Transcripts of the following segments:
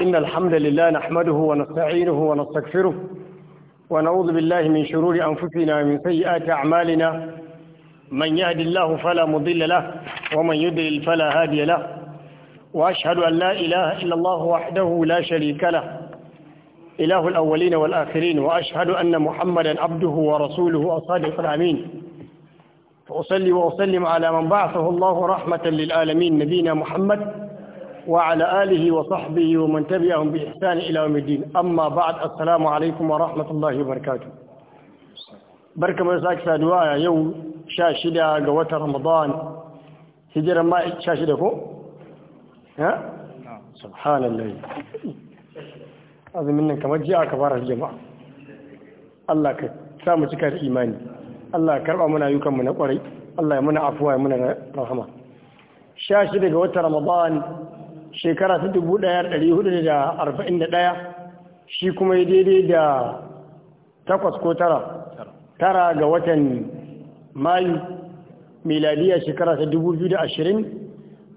إن الحمد لله نحمده ونستعينه ونستغفره ونعوذ بالله من شرور أنفسنا ومن سيئات أعمالنا من يهد الله فلا مضل له ومن يضلل فلا هادي له وأشهد أن لا إله إلا الله وحده لا شريك له إله الأولين والآخرين وأشهد أن محمدا عبده ورسوله الصادق الأمين فأصلي وأسلم على من بعثه الله رحمة للعالمين نبينا محمد وعلى آله وصحبه ومن تبعهم بإحسان إلى يوم الدين أما بعد السلام عليكم ورحمة الله وبركاته بركة مرساك سادواء يوم شاشدة قوة رمضان هجر ما شاشدة فوق ها سبحان الله هذا منك كما جاء كبار الجماعة الله كسام سكر إيماني الله كرم منا يكم من أقري الله يمنع أفواه من رحمه شاشدة قوة رمضان shekara ta dubu da da hudu arba'in ɗaya shi kuma ya daidai da takwas ko tara tara ga watan mayu miladiya shekara ta dubu biyu da ashirin.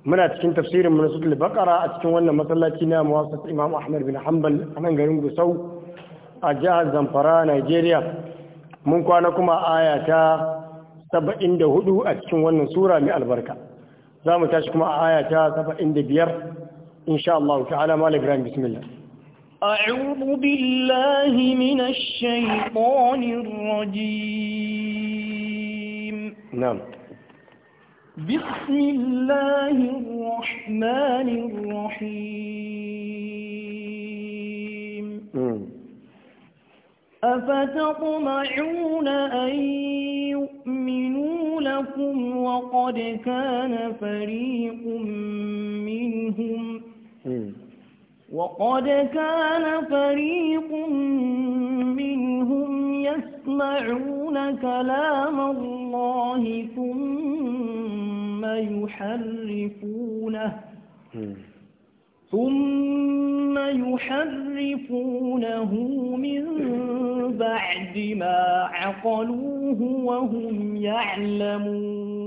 muna cikin tafsirin munasatul bakara a cikin wannan masallaci na muwassat imam ahmad bin hanbal a nan garin gusau a jihar zamfara nigeria mun kwana kuma aya ta hudu a cikin wannan sura mai albarka za mu tashi kuma a aya ta biyar. إن شاء الله تعالى ما نقرأ بسم الله أعوذ بالله من الشيطان الرجيم نعم بسم الله الرحمن الرحيم أفتطمعون أن يؤمنوا لكم وقد كان فريق منهم وقد كان فريق منهم يسمعون كلام الله ثم يحرفونه ثم يحرفونه من بعد ما عقلوه وهم يعلمون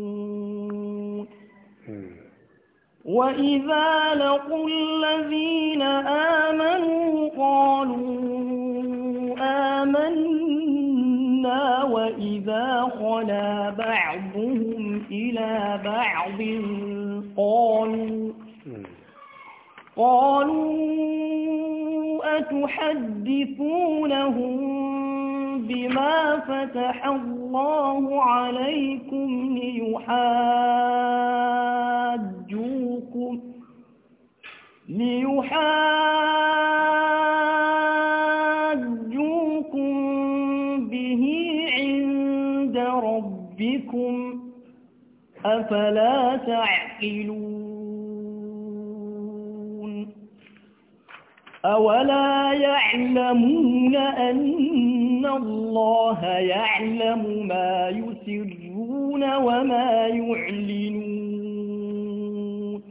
وإذا لقوا الذين آمنوا قالوا آمنا وإذا خلا بعضهم إلى بعض قالوا قالوا أتحدثونهم بما فتح الله عليكم ليحاجوكم ليحاجوكم به عند ربكم أفلا تعقلون أولا يعلمون أن الله يعلم ما يسرون وما يعلنون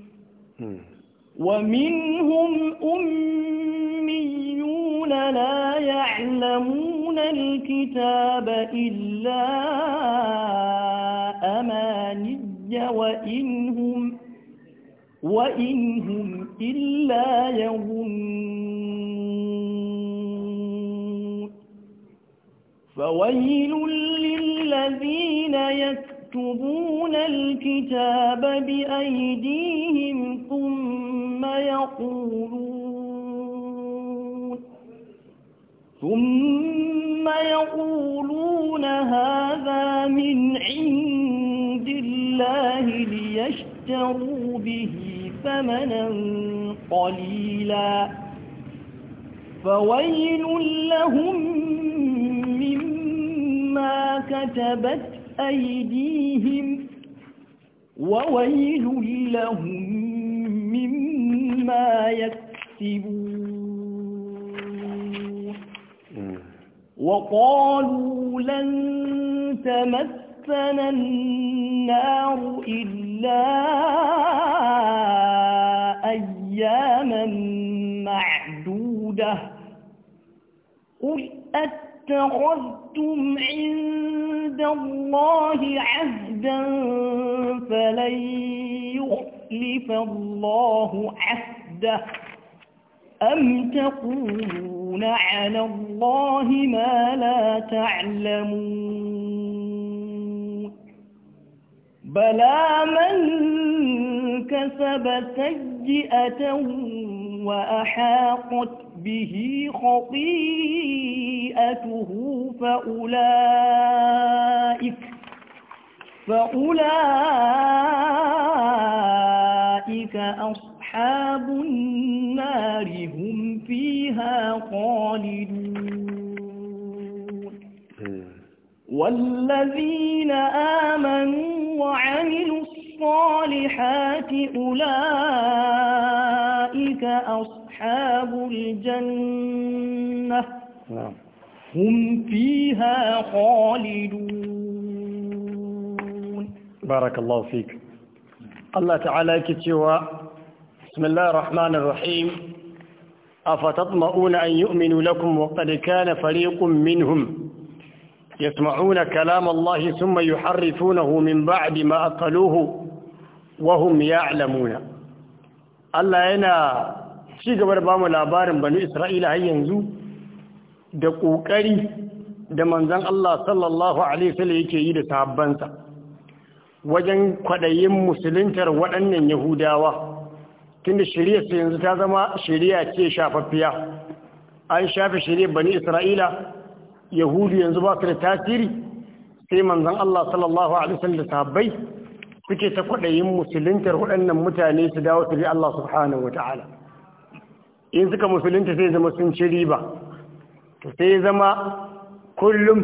ومنهم أميون لا يعلمون الكتاب إلا أماني وإنهم وإنهم إلا يظنون فويل للذين يكتبون الكتاب بأيديهم ثم يقولون ثم يقولون هذا من عند الله ليشتروا به ثمنا قليلا فويل لهم بما كتبت أيديهم وويل لهم مما يكسبون وقالوا لن تمثنا النار إلا أياما معدودة قل أت اتخذتم عند الله عهدا فلن يخلف الله عهده أم تقولون على الله ما لا تعلمون بلى من كسب سيئة وأحاقت به خطيئته فأولئك فأولئك أصحاب النار هم فيها خالدون hmm. والذين آمنوا وعملوا الصالحات أولئك أصحاب أصحاب الجنة نعم. هم فيها خالدون بارك الله فيك الله تعالى كتوى بسم الله الرحمن الرحيم أفتطمئون أن يؤمنوا لكم وقد كان فريق منهم يسمعون كلام الله ثم يحرفونه من بعد ما أقلوه وهم يعلمون الله أنا ci gaba da bamu labarin banu isra'ila har yanzu da ƙoƙari da manzan Allah sallallahu alaihi wasallam yake yi da sahabbansa wajen kwaɗayin musuluntar waɗannan yahudawa tunda shari'a sai yanzu ta zama shirya ce shafaffiya an shafe shari'a bani isra'ila yahudu yanzu ba su da tasiri sai manzan Allah sallallahu alaihi wasallam da sahabbai suke ta kwaɗayin musuluntar waɗannan mutane su dawo su bi Allah subhanahu wataala in suka musulunta sai zama sun ci riba to sai zama kullum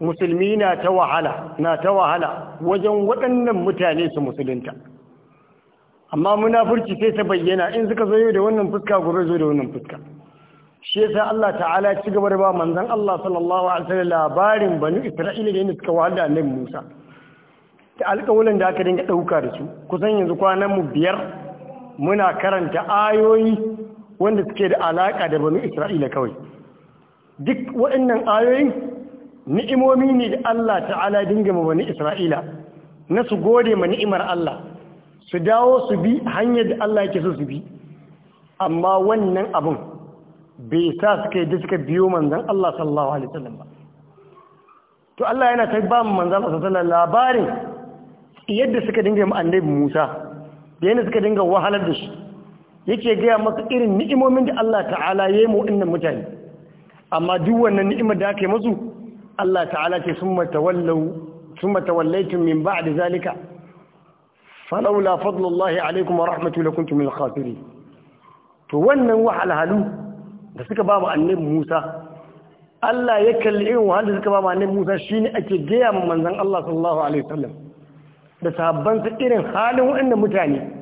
musulmi na ta wahala na ta wahala wajen waɗannan mutane su musulunta amma munafurci sai ta bayyana in suka zo da wannan fuska gobe zo da wannan fuska shi yasa Allah ta'ala ci gaba da ba manzon Allah sallallahu alaihi wasallam labarin banu Isra'ila da yadda suka wahala nan Musa ta alƙawulan da aka dinga ɗauka da su kusan yanzu kwanan mu biyar muna karanta ayoyi wanda suke da alaƙa da bani isra'ila kawai duk waɗannan ayoyin ni'imomi ne da Allah ta'ala dinga ma bani isra'ila na su gode ma ni'imar Allah su dawo su bi hanyar da Allah yake so su bi amma wannan abun bai sa suka yi suka biyo manzan Allah sallallahu alaihi wasallam ba to Allah yana ta ba mu manzan Allah sallallahu alaihi wasallam labarin yadda suka dinga ma annabi Musa da yadda suka dinga wahalar da shi yake gaya masu irin ni'imomin da Allah ta'ala ya yi mu innan mutane amma duk wannan ni'imar da aka yi masu Allah ta'ala ce sun matawallaitun min ba da zalika falaula fadlullahi alaikum wa rahmatu lakum tumil khasiri to wannan wahalhalu da suka ba mu annabi Musa Allah ya kalli irin wahalar da suka ba mu annabi Musa shine ake gaya mu manzon Allah sallallahu alaihi wasallam da sahabban irin halin waɗannan mutane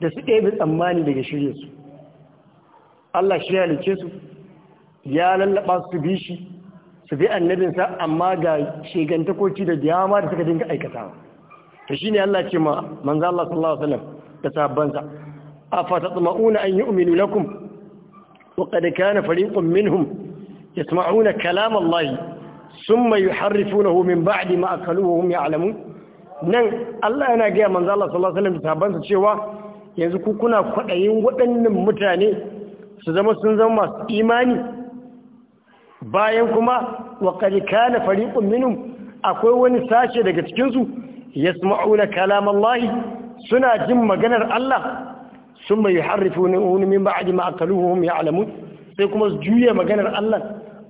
da su ɗebi tsammani daga shirye su Allah shi ya halice su ya lallaba su bi shi su bi annabinsa amma ga shegantakoci da dama da suka dinga aikatawa to shine Allah ce ma manzo Allah sallallahu alaihi wasallam da sahabbansa afatatma'una an yi yu'minu lakum wa qad kana fariqun minhum yasma'una kalam Allah thumma yuharrifunahu min ba'di ma akaluhu hum ya'lamun nan Allah yana ga manzo Allah sallallahu alaihi wasallam da sahabbansa cewa yanzu kukuna kwaɗayin waɗannan mutane su zama sun zama masu imani bayan kuma wa ƙarika na fariƙun minin akwai wani sashe daga cikinsu ya ma'auna kalaman lahi suna jin maganar Allah sun mai harrifu ne wani min ba a ji ma'akaluhun ya alamu sai kuma su juya maganar Allah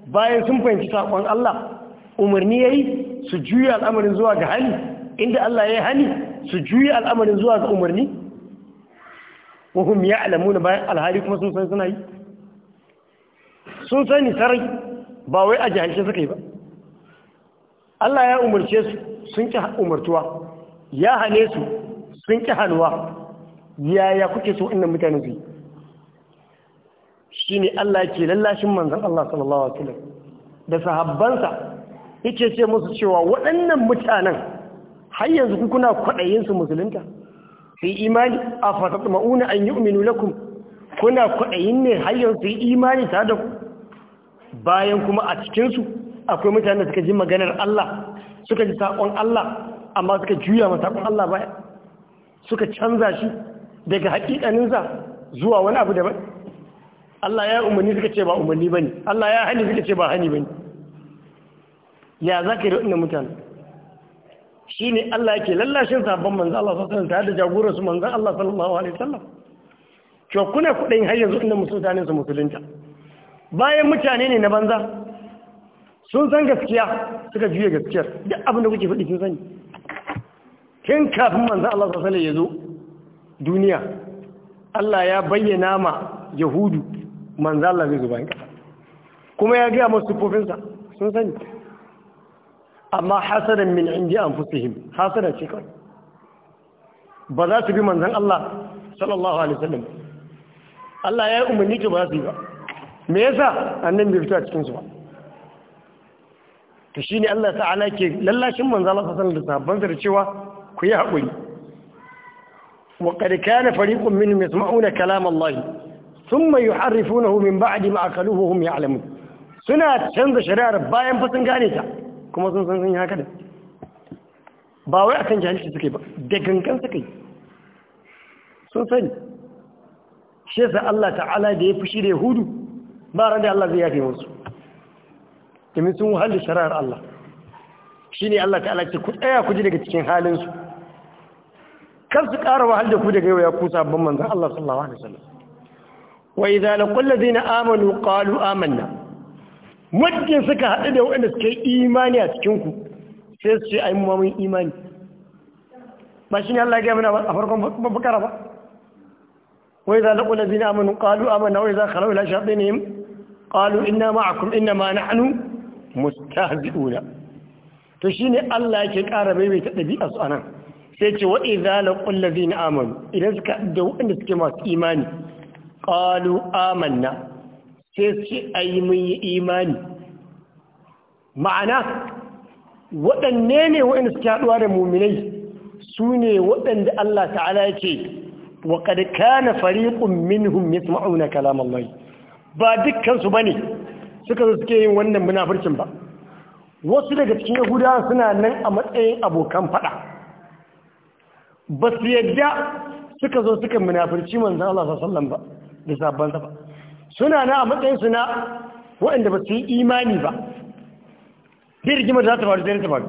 bayan sun fahimci saƙon Allah umarni ya yi su juya al'amarin zuwa ga hali inda Allah ya yi hali su juya al'amarin zuwa ga umarni ya alamu na bayan alhali kuma sun san suna sun sani sarai ba wai a jahilce suka yi ba Allah ya umarce su sun ki umartuwa ya hane su sun ki hanuwa yaya kuke so inda mutane su yi Shi ne Allah ke lallashin manzan Allah sallallahu alaihi da sahabbansa yake ce musu cewa waɗannan mutanen har yanzu kuna kwaɗayin su musulunta sai imani a ma'una an yi uminu lakum kuna kwaɗayin ne hanyar sai imani ta da bayan kuma a cikinsu akwai mutane suka ji maganar Allah suka ji saƙon Allah amma suka juya ma saƙon Allah baya suka canza shi daga haƙiƙaninsa zuwa wani abu daban Allah ya umarni suka ce ba umarni ba ne Allah ya hani suka ce ba hani ba ne ya za ka yi da mutane shi ne Allah ke lallashin sabon manzan Allah sallallahu alaihi tare da jagorar su manzan Allah sallallahu alaihi wasallam to kuna kudin har yanzu inda mutanen su musulunta bayan mutane ne na banza sun san gaskiya suka juye gaskiyar duk abin da kuke faɗi sun sani Kin kafin manzan Allah sallallahu ya zo duniya Allah ya bayyana ma Yahudu manzan Allah zai zo bayan kuma ya gaya masu kofinsa sun sani amma hasadan min inji anfusihim hasada ce kawai ba za su bi manzan Allah sallallahu alaihi wasallam Allah ya yi umarni ba za su yi ba me yasa annabi bai fita cikin su ba shi ne Allah ta'ala ke lallashin manzon Allah sallallahu alaihi wasallam da cewa ku yi haƙuri wa qad kana fariqun minhum yasma'una kalam Allah thumma yuharrifunahu min ba'di ma akaluhu hum ya'lamun suna canza shari'ar bayan fasin sun gane ta kuma sun san sun yi haka da ba wai a akan jahilci suke ba da gangan suka yi sun sani shi sa Allah ta'ala da ya fushi da hudu, ba ran da Allah zai yafe musu domin sun wahala shara'ar Allah ne Allah ta'ala ce ku tsaya ku ji daga cikin halinsu? Kan kar su ƙara wahal da ku daga yau ya ku sabon manzan Allah sallallahu alaihi wasallam wa idza laqul ladina amanu qalu amanna muddin suka haɗu da waɗanda suke imani a cikinku sai su ce a yi mummamin imani ba shi ne Allah ya mana a farkon bakara ba wai za laƙo zina amanu ƙalu amana wai za khalau ila shaɗe ne ƙalu ina ma'akum ina ma na hannu mustahzi'una to shi ne Allah ke ƙara bai maimaita ɗabi'a su anan sai ce wa'i za laƙo zina amanu idan suka haɗu da waɗanda suke masu imani ƙalu amanna sai su a yi mun yi imani ma'ana waɗanne ne waɗanda suke haɗuwa da muminai su ne waɗanda Allah ta'ala ya ce wa ƙadka na fariƙun minhum ya ma'auna kalaman mai ba dukkansu ba ne suka zo suke yin wannan munafircin ba wasu daga cikin yahudawa suna nan a matsayin abokan faɗa ba su yadda suka zo suka munafirci manzan Allah sallallahu ba da sabon ba suna na a matsayinsu na waɗanda ba su yi imani ba dai rigimar za ta faru zai ta faru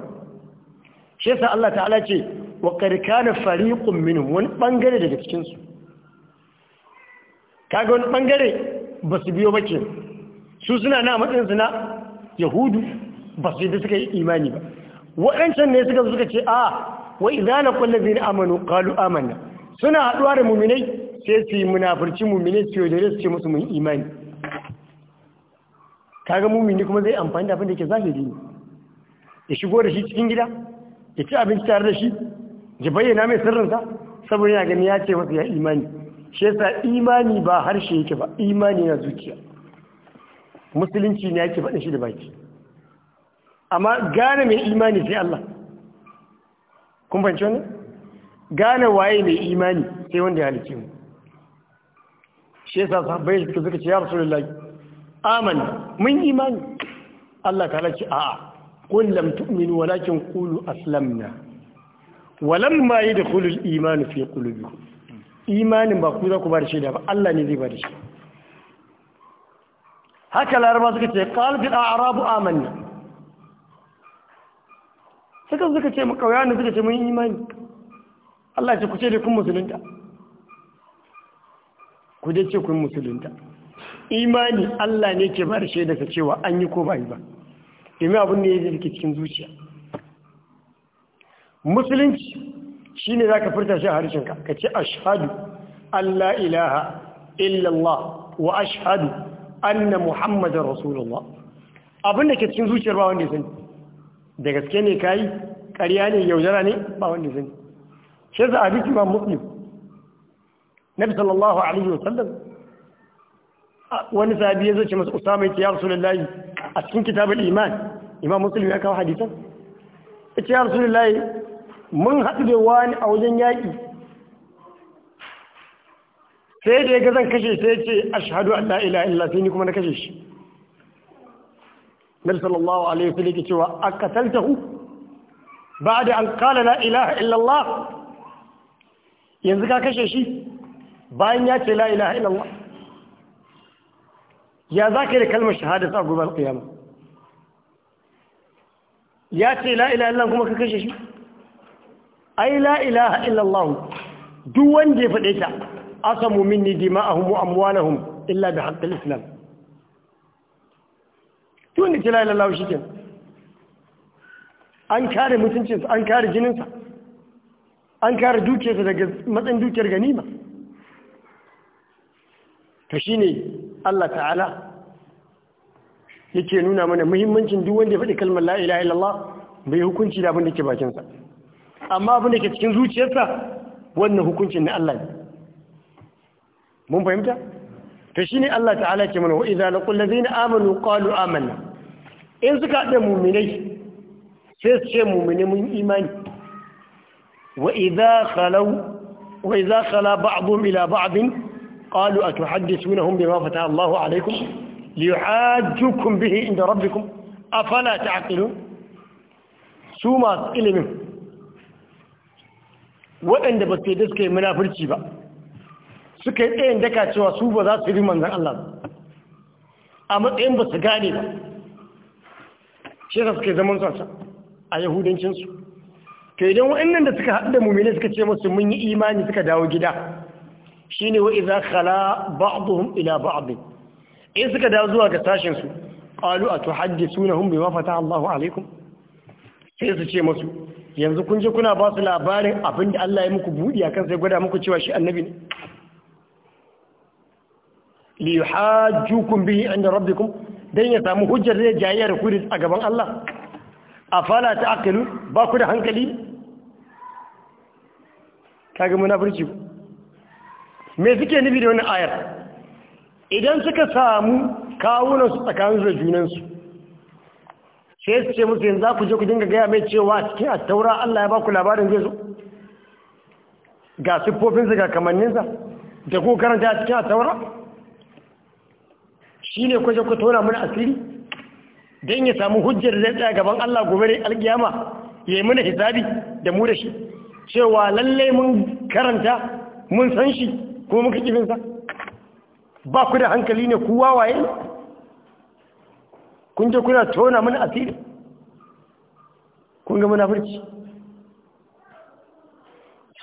shi yasa Allah ta'ala ce wa karkana fariqun minhum wani bangare daga cikin su kaga wani bangare ba su biyo ba ke su suna na matsayin su na yahudu ba su da suka yi imani ba waɗancan ne suka suka ce a wa idza laqul ladina amanu qalu amanna suna haɗuwa da mu'minai sai su yi munafurci mummine su yaudare su ce musu mun imani kaga mummini kuma zai amfani da abin da ke zahiri ne ya shigo da shi cikin gida ya ci abinci tare da shi ya bayyana mai sirrinsa saboda yana gani ya ce masa ya imani shi yasa imani ba harshe yake ba imani na zuciya musulunci ne yake faɗin shi da baki amma gane mai imani sai Allah kun fahimci wannan gane waye mai imani sai wanda ya halice mu shi yasa bai su suka ce ya lullahi amanna mun imani Allah ta lace a a kullum tu'minu walakin qulu aslamna walamma yadkhulu al-iman fi qulubikum imanin ba ku za ku bar shi da ba Allah ne zai bar shi haka laraba suka ce qalbi a arabu amanna suka suka ce mu kauyanu suka ce mun imani Allah ce ku ce da kun musulunta ku dai ce kun musulunta imani Allah ne ke bar shaida ka cewa an yi ko ba yi ba domin abin da yake cikin cikin zuciya musulunci shine zaka furta shi a harshen ka kace ashhadu alla ilaha illa Allah wa ashhadu anna muhammadar rasulullah abin da ke cikin zuciyar ba wanda ya sani da gaske ne kai ƙarya ne yaudara ne ba wanda ya sani shi za a bi imam muslim nabi sallallahu alaihi wa wasallam wani sahabi ya zace masa usama yake ya rasulullahi a cikin kitabul iman imam muslim ya kawo hadisan yace ya rasulullahi mun haɗu da wani a wajen yaƙi sai da ya ga zan kashe sai ce ashhadu an la ilaha illa sai ni kuma na kashe shi nabi sallallahu alaihi wa wasallam yake cewa aqataltahu ba'da an qala la ilaha illa allah yanzu ka kashe shi bayan ya ce la ilaha wa ya za ka da kalmar shahada a gobe alƙiyama ya ce la ilaha kuma ka kashe shi ai la ilaha illallah duk wanda ya faɗe ta a hunmu amma wa amwalahum illa da haqqil islam tun da ce la ilaha shi ke an kare mutuncinsa an kare jininsa an kare dukiyarsa daga matsayin dukiyar ganima to shine Allah ta'ala yake nuna mana muhimmancin duk wanda ya faɗi kalmar la illallah bai hukunci da abin da ke bakinsa amma abin da ke cikin zuciyarsa wannan hukuncin na Allah ne mun fahimta to shine Allah ta'ala ke mana wa idza laqul na amanu qalu amanna in suka da mu'minai sai su ce mu'mini mun imani wa idza khalau khala ba'dhum ila ba'dhin قالوا أتحدثونهم بما فتح الله عليكم ليحاجوكم به عند ربكم أفلا تعقلون سوما إلمهم waɗanda ba su suka yi munafurci ba suka yi tsayin daka cewa su ba su yi manzan Allah a matsayin ba su gane ba shi suka yi zaman sansa a yahudancinsu to idan waɗannan da suka haɗu da suka ce masu mun yi imani suka dawo gida shine wa idza kala ba'dhum ila ba'd in suka da zuwa ga a su suna hun bai mafata Allahu alaikum sai su ce masu yanzu kun je kuna ba su labarin abinda Allah ya muku a kan sai gwada muku cewa shi annabi ne li yuhajjukum bihi inda rabbikum dan ya samu hujjar da jayyar ku a gaban Allah afala ta'qilu ba ku da hankali kage munafurci ku me suke nufi da wani ayar idan suka samu kawunansu tsakaninsu da junansu sai su ce musu yanzu za ku je ku dinga gaya mai cewa cikin a taura Allah ya ba ku labarin zai zo ga siffofinsa ga kamanninsa da ku karanta a cikin a taura shi ne kwaje ku tona mana asiri don ya samu hujjar zai tsaya gaban Allah gobe da alkiyama ya yi mana hisabi da mu da shi cewa lallai mun karanta mun san shi ko muka kibin sa ba ku da hankali ne ku wawaye kun je kuna tona mana asiri kun ga furci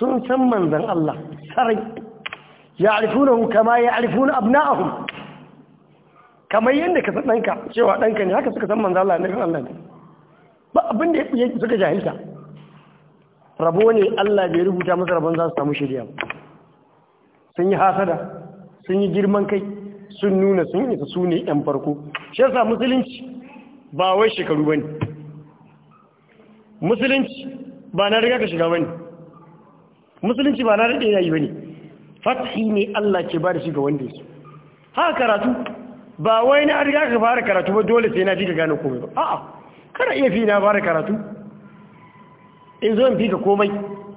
sun san manzan Allah sarai Ya hu kama ya'rifuna abna'ahum kamar yadda ka san ɗanka cewa ɗanka ne haka suka san manzan Allah kan Allah ne ba abin da ya suka jahilta rabo ne Allah bai rubuta masa rabon za su samu shirya ba sun yi hasada sun yi girman kai sun nuna sun isa su ne ‘yan farko shi yasa musulunci ba wai shekaru ba ne musulunci ba na riga ka shiga ba ne musulunci ba na daɗe ya yi ba ne fatahi ne Allah ke ba da shi ga wanda ya haka karatu ba wai na riga ka fara karatu ba dole sai na fi ka gane komai ba a'a kana iya fi na fara karatu in zo in fi ka komai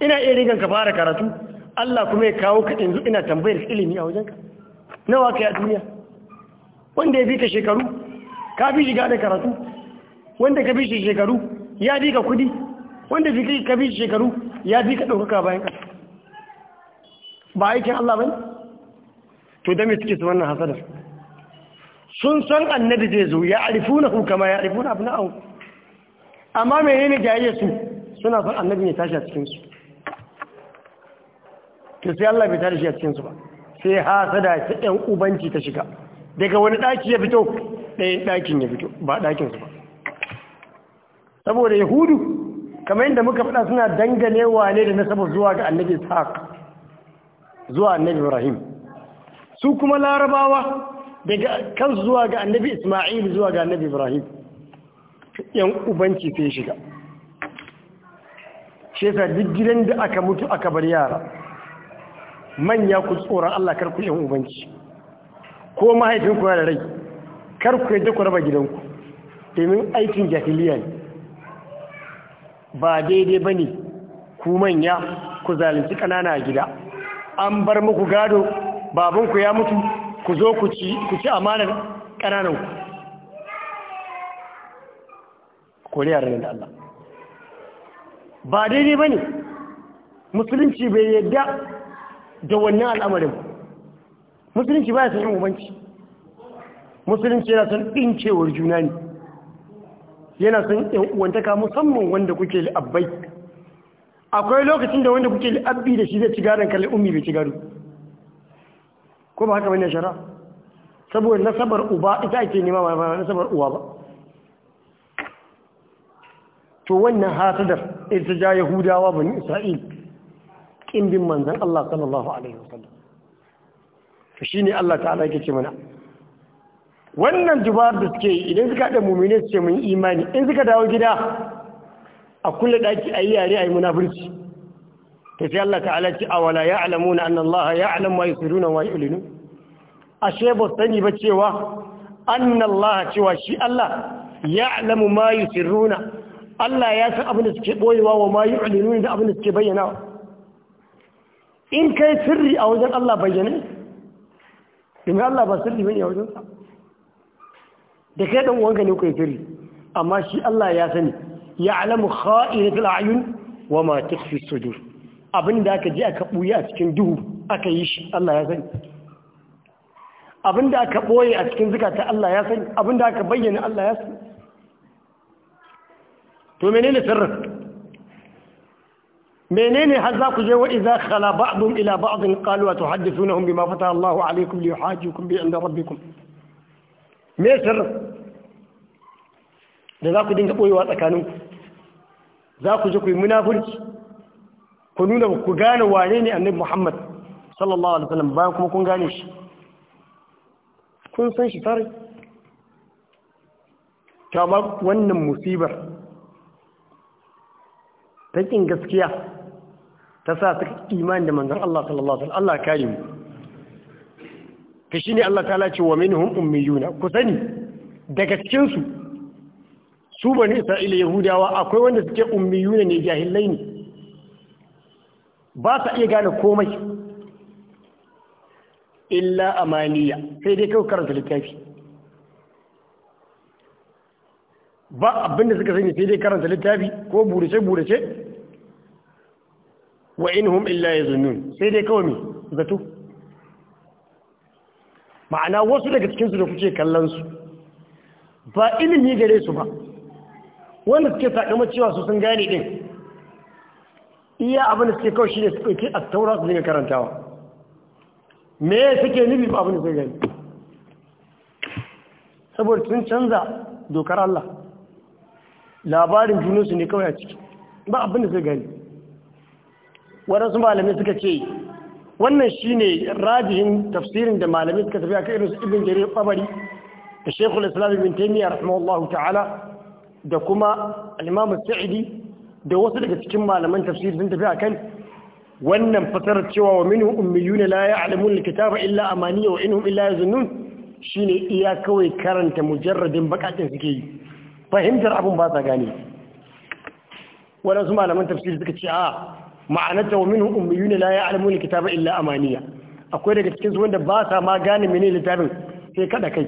ina iya rigan ka fara karatu Allah kuma ya kawo ka yanzu ina tambayar ilimi a wajenka nawa kai a duniya wanda ya fi ka shekaru ka fi shiga da karatu wanda ka fi shi shekaru ya fi ka kudi wanda fi ka fi shekaru ya fi ka ɗaukaka bayan ka ba aikin Allah ba to da me suke su wannan hasadar sun san annabi zai zo ya arifu na hukama ya na abu na'au amma menene jayayyar su suna son annabi ne tashi a cikinsu ke sai Allah bai tare shi a cikinsu ba sai hasada ta ɗan ubanci ta shiga daga wani ɗaki ya fito ɗayan ɗakin ya fito ba ɗakinsu ba saboda yahudu kamar yadda muka faɗa suna danganewa ne da nasabar zuwa ga annabi ishaq zuwa annabi ibrahim su kuma larabawa daga kansu zuwa ga annabi isma'il zuwa ga annabi ibrahim yan ubanci sai shiga shi yasa duk gidan da aka mutu aka bar yara manya ku tsoron Allah kar ku yin ubanci ko mahaifinku yana da rai kar ku yadda ku raba gidanku domin aikin jahiliya ne ba daidai ba ne ku manya ku zalunci ƙanana a gida an bar muku gado babanku ya mutu ku zo ku ci amanar ƙanananku koriya ranar da Allah ba daidai ba ne musulunci bai yadda da wannan al'amarin musulunci ba ya san umarci. musulunci yana son ɗincewar juna ne yana son uwantaka musamman wanda kuke li'abbai akwai lokacin da wanda kuke li'abbi da shi zai ci gadon kalli ummi bai ci gado ko ba haka wani shara saboda nasabar uba ita ake nema ba nasabar uwa ba to wannan hasadar ita ja yahudawa bani isra'il kin bin manzan Allah sallallahu alaihi wasallam to shine Allah ta'ala yake ce mana wannan dubar da suke idan suka da mu'mini su ce mun imani in suka dawo gida a kulle daki ayi yare ayi munafurci to sai Allah ta'ala ce awala ya'lamuna anna Allah ya'lamu ma yusiruna wa yu'linu ashe ba sani ba cewa anna Allah cewa shi Allah ya'lamu ma yusiruna Allah ya san abin da suke boyewa wa ma yu'linuna da abin da suke bayyana in kai sirri a wajen Allah bayyane domin Allah ba sirri bane a wajensa da kai dan uwanka ne kai sirri amma shi Allah ya sani ya alamu kha'inatul a'yun wa ma tukhfi sudur abinda aka je aka buya a cikin duhu aka yi shi Allah ya sani abinda aka boye a cikin zakata Allah ya sani abinda aka bayyana Allah ya sani to menene sirrin menene har za ku je wa idza khala ba'dhum ila ba'dhin qalu wa tuhaddithunahum bima fataha Allahu alaykum li yuhajjukum bi inda rabbikum me sir da za ku dinga boyewa tsakanin ku za ku je ku yi munafurci ku nuna ku gane wane ne annabi Muhammad sallallahu alaihi wasallam bayan kuma kun gane shi kun san shi tare ta wannan musibar ta gaskiya ta sa suka imani da manzan Allah sallallahu alaihi wasallam Allah kare mu ka ne Allah ta'ala ce wa minhum yuna ku sani daga cikinsu su ba bani Isra'ila Yahudawa akwai wanda suke yuna ne jahilai ne ba sa iya gane komai illa amaniya sai dai kawai karanta littafi ba abinda suka sani sai dai karanta littafi ko burace-burace wa inhum illa yazunnun sai dai kawai mi zato ma'ana wasu daga cikin su da kuke kallon su ba ilimi gare su ba wanda suke sakama cewa su sun gane din iya abin da suke kawai shine su dauki a taura su dinga karantawa me suke nufi ba abin da suke gani saboda sun canza dokar Allah labarin junansu ne kawai a ciki ba abin da suke gani waɗansu malamai suka ce wannan shine rajihin tafsirin da malamai suka tafi akan irinsu ibin jarir qabari da shekul islam ibn taimiyya rahimahullahu ta'ala da kuma al sa'idi da wasu daga cikin malaman tafsiri sun tafi akan wannan fasarar cewa wa minhum ummiyuna la ya'lamun al-kitaba illa amaniya wa inhum illa yazunnun shine iya kawai karanta mujarradin bakatin suke yi fahimtar abun ba sa gane waɗansu malaman tafsiri suka ce a ma'anarta wa minhum ummiyuna la ya'lamuna kitaba illa amaniya akwai daga cikin su wanda ba sa ma gane mene littafin sai kada kai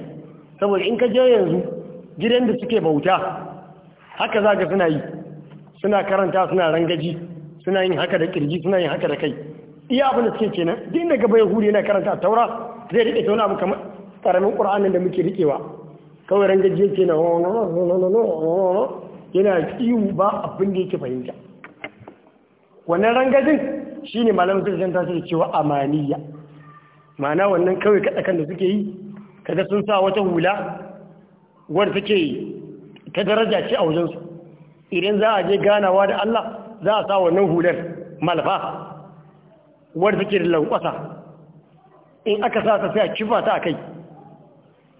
saboda in ka je yanzu gidan da suke bauta haka za ka suna yi suna karanta suna rangaji suna yin haka da kirji suna yin haka da kai iya abin da suke kenan din da gaba yahudi yana karanta taura zai riƙe ta wani abu kamar karamin qur'anin da muke rikewa kawai rangaji yake na yana iwu ba abin da yake fahimta wannan rangadin shine malamin su da ce cewa amaniya ma'ana wannan kawai kada da suke yi kaga sun sa wata hula wadda take ta daraja ce a wajensu idan za a je ganawa da Allah za a sa wannan hular malafa wadda take da lankwasa in aka sa ta sai a kifa ta a kai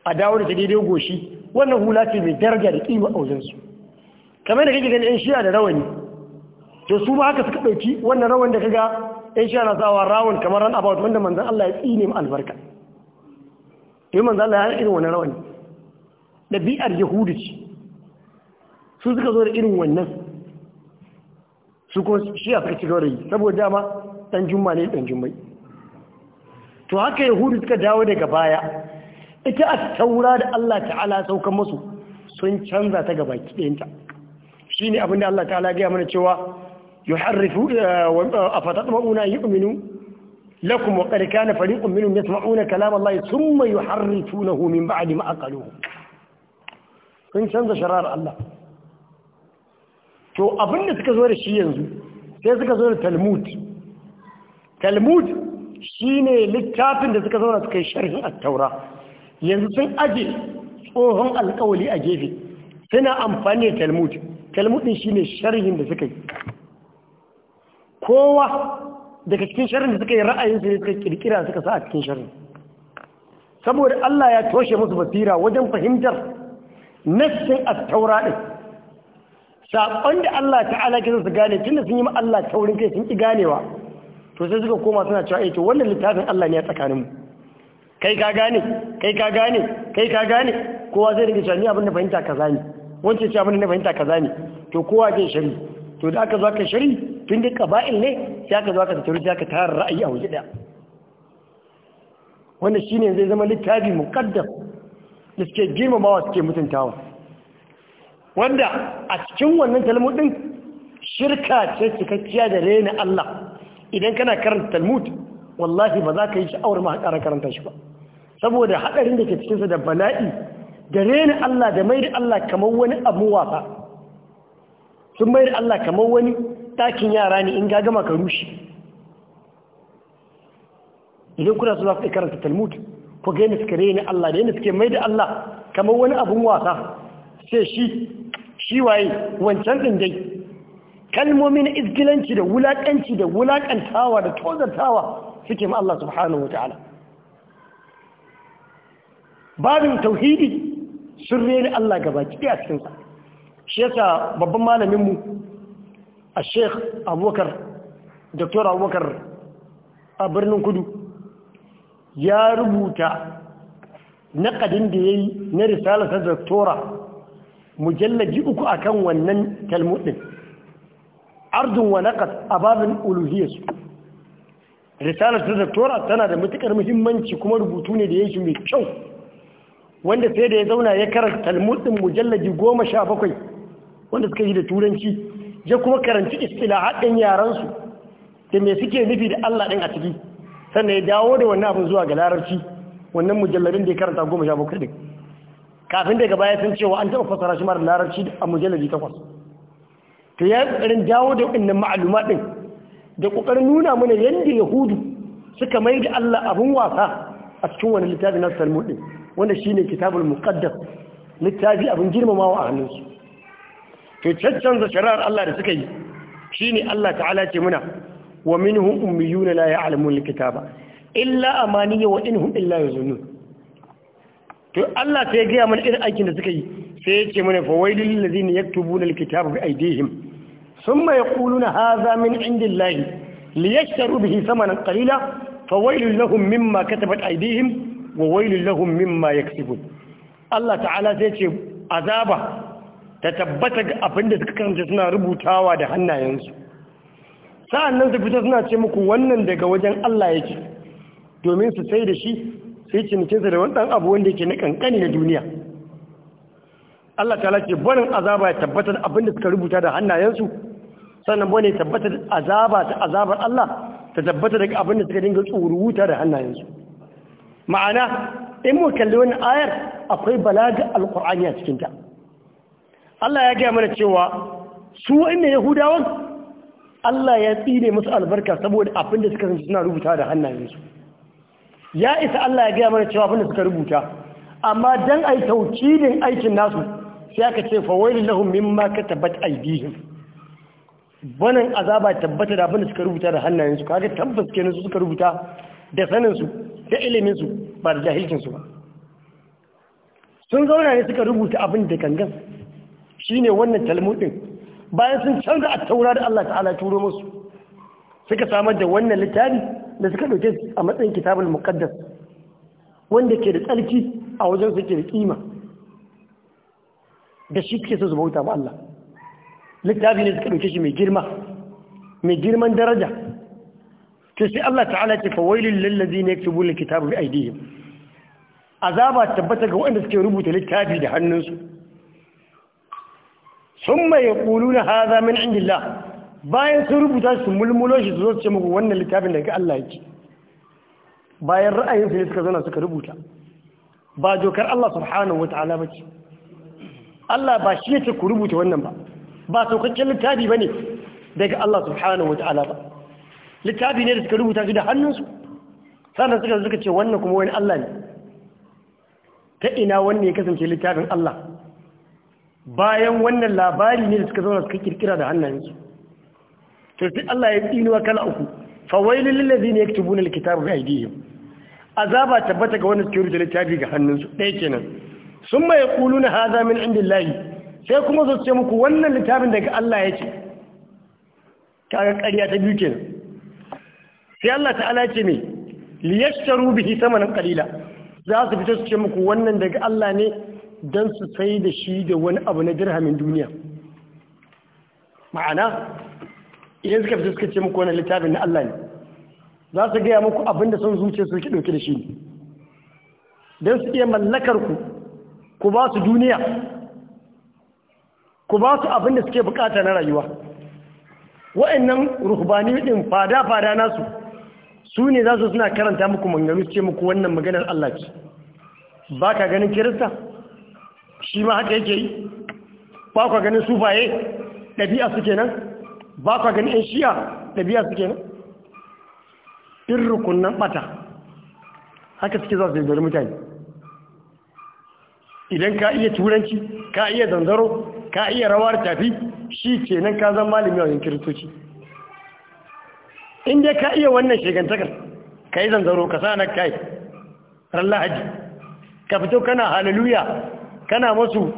a dawo da ta daidai goshi wannan hula ce mai daraja da kima a wajensu kamar da kake gani yan shiya da rawani to su ba haka suka ɗauki wannan rawan da kaga in sha na rawan kamar ran about wanda manzon Allah ya tsine ma albarka to manzon Allah ya irin wannan rawan ɗabi'ar yahudu ce su suka zo da irin wannan su ko shi a fice gore da yi saboda dama ɗan juma ne ɗan jummai to haka yahudi suka dawo daga baya ita a taura da Allah ta'ala saukan musu sun canza ta gaba kiɗinta shi ne abinda Allah ta'ala gaya mana cewa يحرفوا أفتطمعون أن يؤمنوا لكم وقد كان فريق منهم يسمعون كلام الله ثم يحرفونه من بعد ما أقلوه sun canza shararar Allah to abinda suka zo da shi yanzu sai suka zo da talmud talmud shi ne littafin da suka zauna suka yi sharhin attaura yanzu sun aje tsohon alkawali a gefe suna amfani da talmud talmud ɗin shi ne sharhin da suka kowa daga cikin shirin da suka yi ra'ayin su ne suka kirkira suka sa a cikin shirin saboda Allah ya toshe musu basira wajen fahimtar nassin a taura din sakon da Allah ta'ala ke su gane tunda sun yi ma Allah taurin kai sun ki ganewa to sai suka koma suna cewa eh to wannan littafin Allah ne ya tsakanin mu kai ka gane kai ka gane kai ka gane kowa zai rike cewa ni abin da fahimta kaza ne wancan ce abin da na fahimta kaza ne to kowa ke shari to da aka zo aka shari tun duk ƙaba'il ne ya ka zo aka tattaru ya ka tara ra'ayi a waje ɗaya wanda shi ne zai zama littafi muƙaddam da suke girmamawa suke mutuntawa wanda a cikin wannan talmud ɗin shirka ce cikakkiya da rena Allah idan kana karanta talmud wallahi ba za ka yi sha'awar ma ƙara karanta shi ba saboda haɗarin da ke cikinsa da bala'i da rena Allah da mai da Allah kamar wani abu wasa sun mai da Allah kamar wani ɗakin yara ne in gama ka rushe idan kuna su za ku karanta talmud ku ga yadda suka Allah da yana suke mai da Allah kamar wani abin wasa sai shi shi waye wancan ɗin dai kalmomi na izgilanci da wulaƙanci da wulaƙantawa da tozartawa suke ma Allah subhanahu wa ta'ala babin tauhidi sun rena Allah gaba ciki a cikinsa shi yasa babban malaminmu a sheikh abubakar doktor abubakar a birnin kudu ya rubuta naƙadin da ya yi na risalarsa doktora mujallaji uku akan wannan talmudin ardun wa naƙad a babin Risala da doktora tana da matuƙar muhimmanci kuma rubutu ne da ya yi mai kyau wanda sai da ya zauna ya karanta talmudin mujallaji goma sha bakwai wanda suka yi da turanci je kuma karanci istilahat ɗin yaransu da mai suke nufi da Allah ɗin a ciki sannan ya dawo da wannan abin zuwa ga larabci wannan mujalladin da ya karanta goma sha bakwai ɗin kafin daga baya sun cewa an taɓa fasara shi mara lararci a mujalladi takwas to ya ƙoƙarin dawo da wannan ma'aluma ɗin da ƙoƙarin nuna mana yadda yahudu suka mai da Allah abin wasa a cikin wani littafi na salmu ɗin wanda ne kitabul muqaddas littafi abin girmamawa a hannunsu to caccanza shari'ar Allah da suka yi ne Allah ta'ala ce muna wa minhum ummiyuna la ya'lamun alkitaba illa amaniya wa hun illa yazunnun to Allah ta ya gaya mana irin aikin da suka yi sai ya ce mana fa wailul lil ladina yaktubuna alkitaba Sun aydihim kulu na haza min indillahi liyashtaru rubihi sama qalila kalila wailul lahum mimma katabat aydihim wa wailul lahum mimma yaksibun Allah ta'ala sai ya ce azaba ta tabbata ga abin da suka karanta suna rubutawa da hannayensu sa'annan su fita suna ce muku wannan daga wajen Allah yake domin su sai da shi sai cinikinsa da wani ɗan abu wanda yake na kankani na duniya Allah ta lace barin azaba ya tabbata da abin da suka rubuta da hannayensu sannan bane tabbata azaba ta azabar Allah ta tabbata daga abin da suka dinga tsuruta da hannayensu ma'ana in mu kalli wani ayar akwai balaga alqur'ani a cikinta Allah ya gaya mana cewa su inda Yahudawan Allah ya tsine musu albarka saboda abin da suka suna rubuta da hannayensu ya isa Allah ya gaya mana cewa abin da suka rubuta amma don yi ai taucidin aikin nasu sai aka ce lahun min maka tabbat aydihim Banan azaba tabbata da abin da suka rubuta da hannayensu kaga tabbas kenan su suka rubuta da saninsu da iliminsu ba da jahilcinsu ba sun zauna ne suka rubuta abin da gangan Shi ne wannan talmudin bayan sun canza a taura da Allah ta'ala turo musu suka samar da wannan littafi da suka ɗauke a matsayin kitabul muqaddas wanda ke da tsarki a wajen su ke da kima da shi ke su bauta ma Allah littafi ne suka ɗauke shi mai girma mai girman daraja Ke sai Allah ta'ala ce fawailil lil ne ke bulin bi aydihim azaba tabbata ga waɗanda suke rubuta littafi da hannunsu thumma na haza min indillah bayan sun rubuta su mulmulo shi su zo su ce muku wannan littafin daga Allah yake bayan ra'ayin su ne suka zana suka rubuta ba dokar Allah subhanahu wata'ala bace Allah ba shi yake ku rubuta wannan ba ba saukakken littafi bane daga Allah subhanahu ala ba littafi ne da suka rubuta shi da hannunsu sannan suka suka ce wannan kuma wani Allah ne ta ina wannan ya kasance littafin Allah bayan wannan labari ne da suka zauna suka kirkira da hannayensu to sai Allah ya tsinuwa kala uku fawailul lil ladina yaktubuna alkitaba bi aydihim azaba tabbata ga wanda suke rubuta littafi ga hannunsu ɗaya kenan summa yaquluna hadha min indillahi sai kuma su ce muku wannan littafin daga Allah yake kaga ƙarya ta biyu kenan sai Allah ta'ala ce me liyashtaru bihi samanan qalila za su fita su ce muku wannan daga Allah ne don su sai da shi da wani abu na dirhamin duniya ma'ana idan suka fita suka ce muku wani littafin na Allah ne za su gaya muku abin da sun zuce su ke ɗauki da shi ne don su iya mallakar ku ku ba su duniya ku ba su abin da suke bukata na rayuwa wa'annan ruhbani din fada-fada nasu su ne za su suna karanta muku manganu ce muku wannan maganar Allah ce ba ka ganin kirista shi ma haka yake yi ba kwa ganin sufaye ɗabi'a suke nan ba kwa ganin 'yan shiya ɗabi'a suke nan ɗin rukunan ɓata haka suke za su zaizari mutane idan ka iya turanci ka iya zanzaro ka iya rawar tafi shi ke nan ka zan malin wajen kiristoci inda ka iya wannan shekantakar, ka yi zanzaro ka sa na kai ran lahaji ka fito kana hallelujah kana masu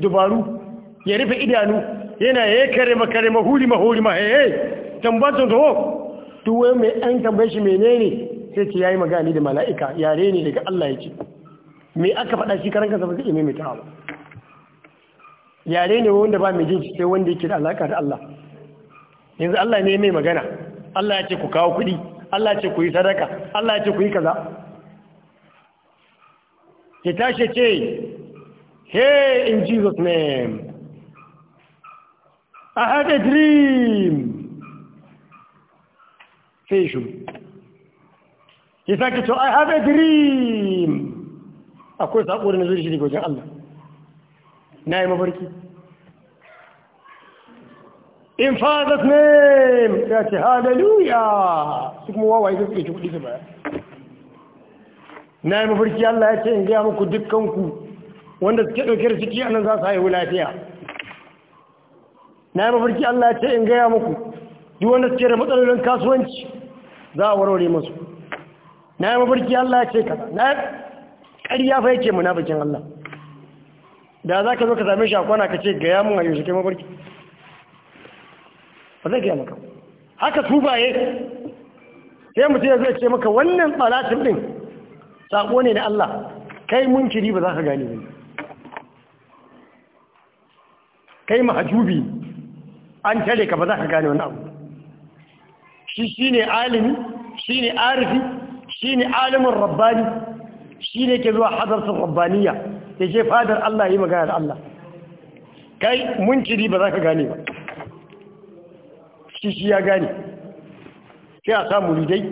dubaru ya rufe idanu yana ya kare makare mahuri mahuri mahaye tambatun to tuwe mai an tambaye shi menene sai ce yayi magani da mala'ika yare ne daga Allah yake me aka faɗa shi karan kansa ba zai maimaita ba yare ne wanda ba mai jin shi sai wanda yake da alaka da Allah yanzu Allah ne mai magana Allah ya ce ku kawo kuɗi Allah ya ce ku yi sadaka Allah ya ce ku yi kaza ya tashi ce Hey, in Jesus' name. I had a dream. Sai shi. Ki sake to I have a dream. Akwai saƙo da na zuri shi daga wajen Allah. Na yi mafarki. In father's name, ya ce, Hallelujah! Su kuma wawaye sun suke ci kuɗi su baya. Na yi mafarki Allah ya ce in gaya muku dukkanku wanda suke ɗauke da ciki anan za su haihu lafiya na yi mafarki Allah ce in gaya muku duk wanda suke da matsalolin kasuwanci za a warware masu na yi mafarki Allah ce ka na ƙarya fa yake munafikin Allah da za ka zo ka same shi a kwana ka ce gaya mun a yaushe mafarki ba zai gaya maka haka tubaye sai mutum ya zai ce maka wannan ɓalatin ɗin saƙo ne na Allah kai munkiri ba za ka gane ba kai mahajubi an tare ka ba za ka gane wani abu shi shi ne alimi shi ne arifi shi ne alimin rabbani shi ne ke zuwa hadarsun rabbaniya ya ce fadar Allah yi magana da Allah kai munkiri ba za ka gane ba shi shi ya gane sai a sa muridai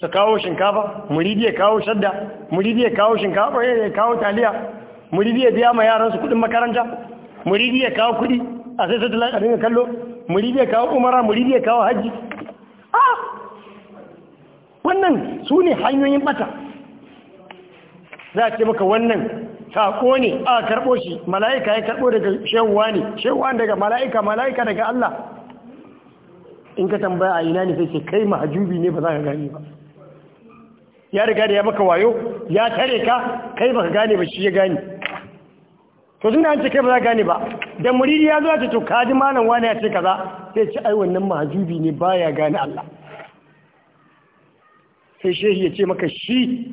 su kawo shinkafa muridai ya kawo shadda muridai ya kawo shinkafa ya kawo taliya muridai ya biya ma yaransu kudin makaranta muridi ya kawo kudi a sai sai a dinga kallo muridi ya kawo umara muridi ya kawo hajji a wannan su ne hanyoyin bata za a ce maka wannan saƙo ne a karɓo shi mala'ika ya karɓo daga shewuwa ne shewuwa daga mala'ika mala'ika daga Allah in ka tambaya a ina ne sai ce kai mahajubi ne ba za ka gane ba ya riga da ya maka wayo ya tare ka kai ba ka gane ba shi ya gane to tunda an ce kai ba za gane ba da muridi ya zuwa ce to kaji malam wani ya ce kaza sai ce ai wannan mahajubi ne baya gane Allah sai shehi ya ce maka shi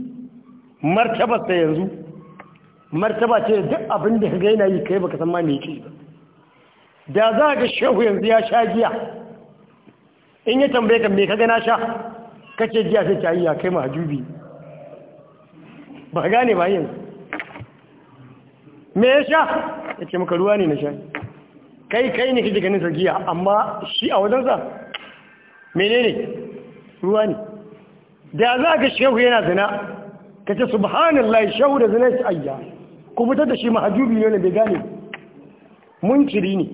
martabarsa yanzu martaba ce duk abin da kaga yana yi kai baka san ma me yake da za ga shehu yanzu ya sha giya in ya tambaye ka me kaga na sha kace giya sai ta yi ya kai mahajubi ba gane ba yanzu me ya sha ya ce maka ruwa ne na sha kai kai ne kake ganin sargiya amma shi a wajensa menene ruwa ne da za ka shehu yana zina ka ce subhanallah shehu da zina shi ayya ku fitar da shi mahajubi ne bai gane Mun munkiri ne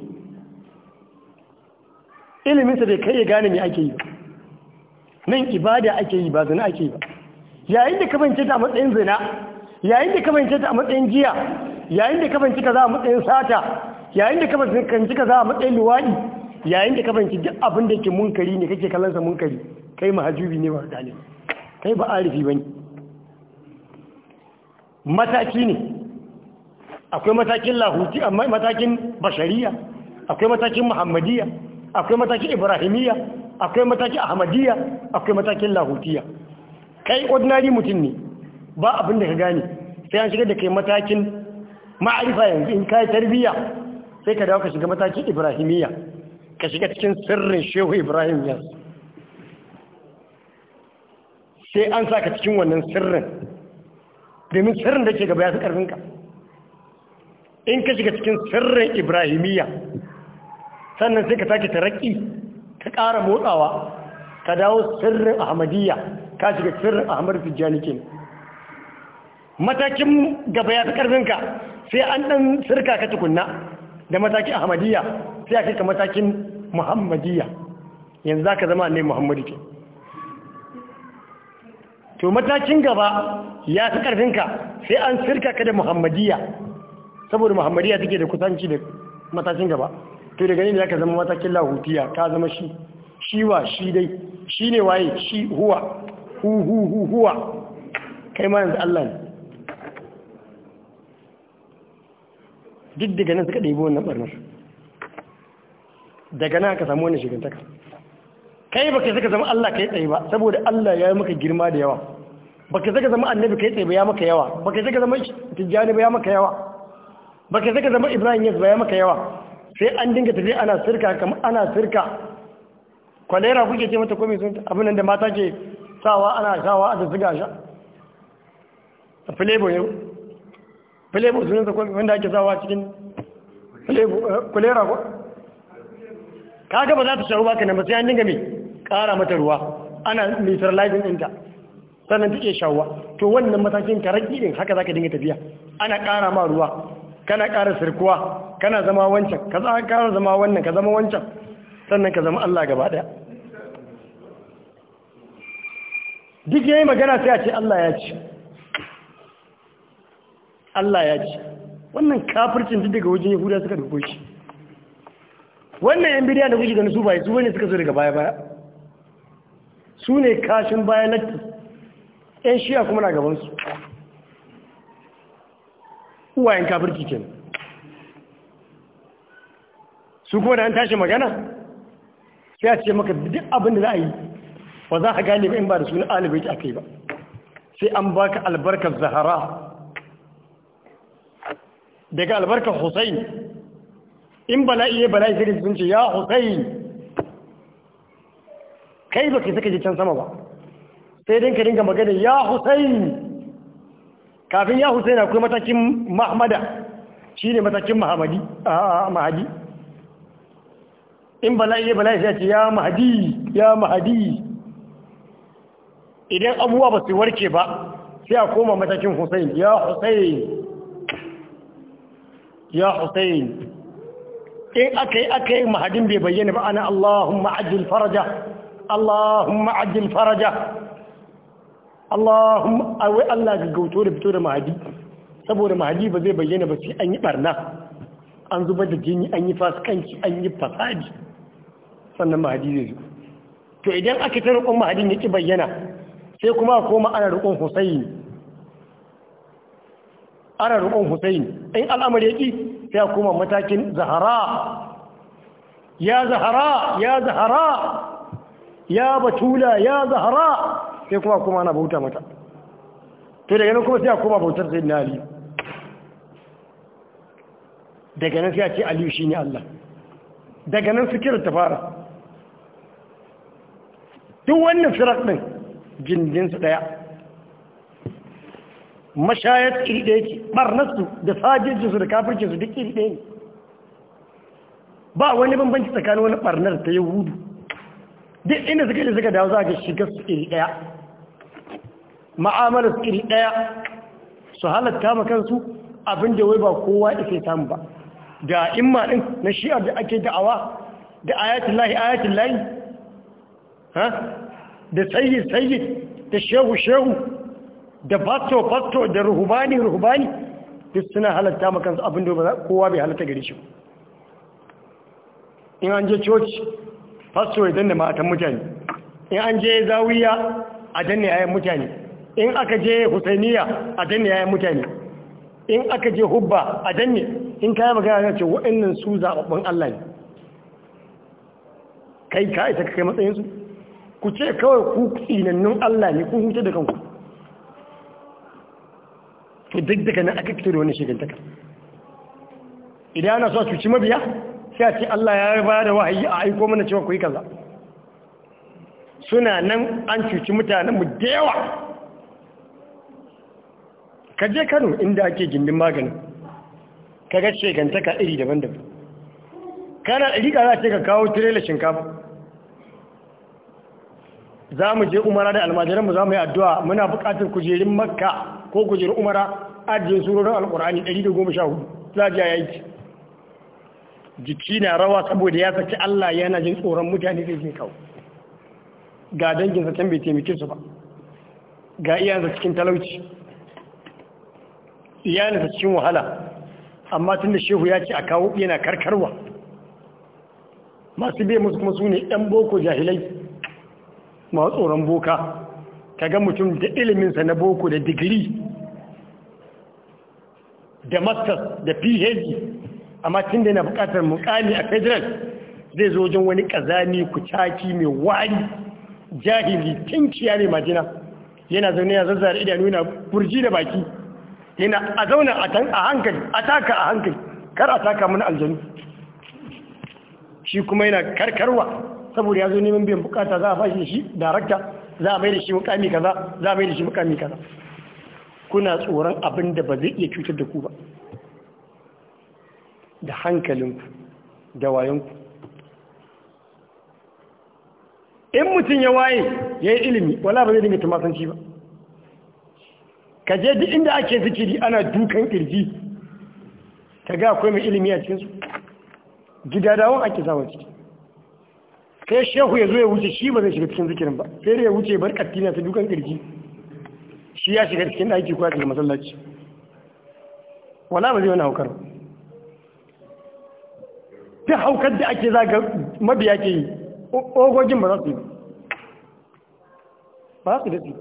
iliminsa bai kai ya gane me ake yi ba nan ibada ake yi ba zina ake yi ba yayin da ka bance ta a matsayin zina yayin da ka bance ta a matsayin giya yayin da ka fanci za a matsayin sata yayin da ka fanci za a matsayin luwadi yayin da ka fanci duk abin da ke munkari ne kake kallon munkari kai mahajubi ne ba gane kai ba arifi ne mataki ne akwai matakin lahuti amma matakin bashariya akwai matakin muhammadiya akwai matakin ibrahimiya akwai matakin ahmadiyya akwai matakin lahutiya kai ordinary mutum ne ba abin da ka gane sai an shiga da kai matakin ma'arifa yanzu in kai tarbiyya sai ka dawo ka shiga mataki ibrahimiyya ka shiga cikin sirrin shehu ibrahim yanzu sai an sa ka cikin wannan sirrin domin sirrin da ke gaba ya fi ƙarfinka in ka shiga cikin sirrin ibrahimiyya sannan sai ka sake taraki ka ƙara motsawa ka dawo sirrin ahmadiyya ka shiga sirrin ahmadu tijjani ke matakin gaba ya fi ƙarfinka sai an ɗan sirka ka tukunna da mataki ahmadiyya sai a ka matakin muhammadiyya yanzu za ka zama ne muhammadu ke to matakin gaba ya fi ƙarfinka sai an sirka ka da muhammadiyya saboda muhammadiyya take da kusanci da matakin gaba to daga ne ka zama matakin lahutiya ka zama shi shi wa shi dai shi ne waye shi huwa hu hu hu huwa kai ma yanzu Allah ne duk daga nan suka ɗebi wannan ɓarnar daga nan ka samu wannan shigantaka kai baka suka zama Allah kai tsaye ba saboda Allah ya yi maka girma da yawa baka suka zama annabi kai tsaye ba ya maka yawa baka suka zama tijjani ba ya maka yawa baka suka zama Ibrahim Yas ba ya maka yawa sai an dinga tafi ana sirka kama ana sirka kwalera kuke ce mata komai sun abin nan da mata ke sawa ana sawa a da siga sha a filebo yau flavor sunan sa wanda ake sawa cikin eh, kulera ko kaga ba za ta sharu ka nan ba sai an dinga mai kara mata ruwa ana neutralizing ɗinta sannan take shawwa to wannan matakin karaki din haka za ka dinga tafiya ana kara ma ruwa kana kara sirkuwa kana zama wancan ka za ka zama wannan ka zama wancan sannan ka zama Allah gaba daya duk yayi magana sai a ce Allah ya ce Allah ya ce wannan kafircin duk daga wajen yahuda suka dubo shi wannan yan bidiya da kuke gani su bai su bane suka zo daga baya baya su ne kashin baya latti yan shiya kuma na gaban su uwayen kafirci kenan su kuma da an tashi magana sai a ce maka duk abin da za a yi ba za a gane ba in ba da suna alibai ta ake ba sai an baka albarkar zahara daga albarkar Hussain in bala'i ya bala'i sai sun ce ya Hussain kai ba kai suka ji can sama ba sai dinka dinga magana ya Hussain kafin ya Hussain akwai matakin Mahmada shine matakin a Mahadi in bala'i ya bala'i sai ce ya Mahadi ya Mahadi idan abubuwa ba su warke ba sai a koma matakin Hussain ya Hussain ya Hussein in aka yi mahadin bai bayyana ba ana Allahumma ajil faraja Allahumma ajil faraja Allahumma awai Allah ga gauto da fito da mahadi saboda mahadi ba zai bayyana ba sai an yi barna an zubar da jini an yi fasikanci an yi fasadi sannan mahadi zai zo to idan aka ta roƙon mahadin ya ki bayyana sai kuma koma ana roƙon Hussein ana roƙon Hussein in al'amari ya yaki sai kuma matakin Zahara ya Zahara ya Zahara ya Batula ya Zahara sai kuma kuma ana bauta mata to daga nan kuma sai kuma bautar Sayyidina Ali daga nan sai a ce Aliyu shi ne Allah daga nan fikirar ta fara duk wannan firar din jindinsu ɗaya. mashayar iri ɗaya ce ɓarnarsu da sajejinsu da kafircinsu duk iri ɗaya ne ba wani banbanci tsakanin wani ɓarnar ta yi hudu duk inda suka yi suka dawo za a ga shigar su iri ɗaya ma'amalar su iri ɗaya su halatta ma kansu abin da wai ba kowa isa samu ba da imma na shi'a da ake da'awa da ayatun lahi ayatun lahi da sayyid sayyid da shehu shehu da fasto fasto da ruhubani ruhubani duk suna halatta makansu abin da kowa bai halatta gari shi in an je coci fasto ya danne matan mutane in an je zawiya a danne yayan mutane in aka je husainiya a danne yayan mutane in aka je hubba a danne in kayan magana ce waɗannan su zaɓaɓɓen allah ne kai ka isa ka kai matsayinsu ku ce kawai ku tsinannun allah ne ku huta da kanku to duk daga nan aka fito da wani takar idan ana so a cuci mabiya sai a ce Allah ya ba da wahayi a aiko mana cewa ku yi kaza suna nan an cuci mu da yawa ka je kano inda ake gindin maganin ka ga shigantaka iri daban-daban kana ɗari ka za ce ka kawo tirela shinkafa za mu je umara da mu za mu yi addu'a muna buƙatar kujerin makka ko kujerin umara ajiyar surorin alƙur'ani 114 za ji yi. jiki na rawa saboda ya saki allah yana jin tsoron mutane zai ke kawo ga danginsa can bai taimake su ba ga iyansa cikin talauci iyalinsa cikin wahala amma tun da shehu ya ce a kawo yana karkarwa masu bai musu kuma sune ne 'yan boko jahilai masu tsoron boka ga mutum da iliminsa na boko da digiri da masters da phd amma tun da yana bukatar mukami a federal zai zo wajen wani kazani kucaki mai wari jahili tinkiya ne majina yana zaune ya zazzara idanu yana burji da baki yana a zaune a hankali a taka a hankali kar a taka mana aljanu shi kuma yana karkarwa saboda ya zo neman biyan bukata za a fashi shi darakta za a mai da shi mukami kaza za a mai da shi mukami kaza kuna tsoron abin da ba zai iya cutar da ku ba da hankalinku da wayonku in mutum ya waye ya yi ilimi wala ba zai dinga tumasanci ba ka je duk inda ake zikiri ana dukan kirji ka ga akwai mai ilimi a cikinsu gidadawan ake zawon ciki sai shehu ya zo ya wuce shi ba zai shiga cikin zikirin ba sai da ya wuce bar kattina ta dukan kirji shi ya shiga cikin aiki kuwa cikin masallaci wala ba zai wani haukar ta haukar da ake zaga mabiya ke yi ogogin ba za su yi ba za su daɗi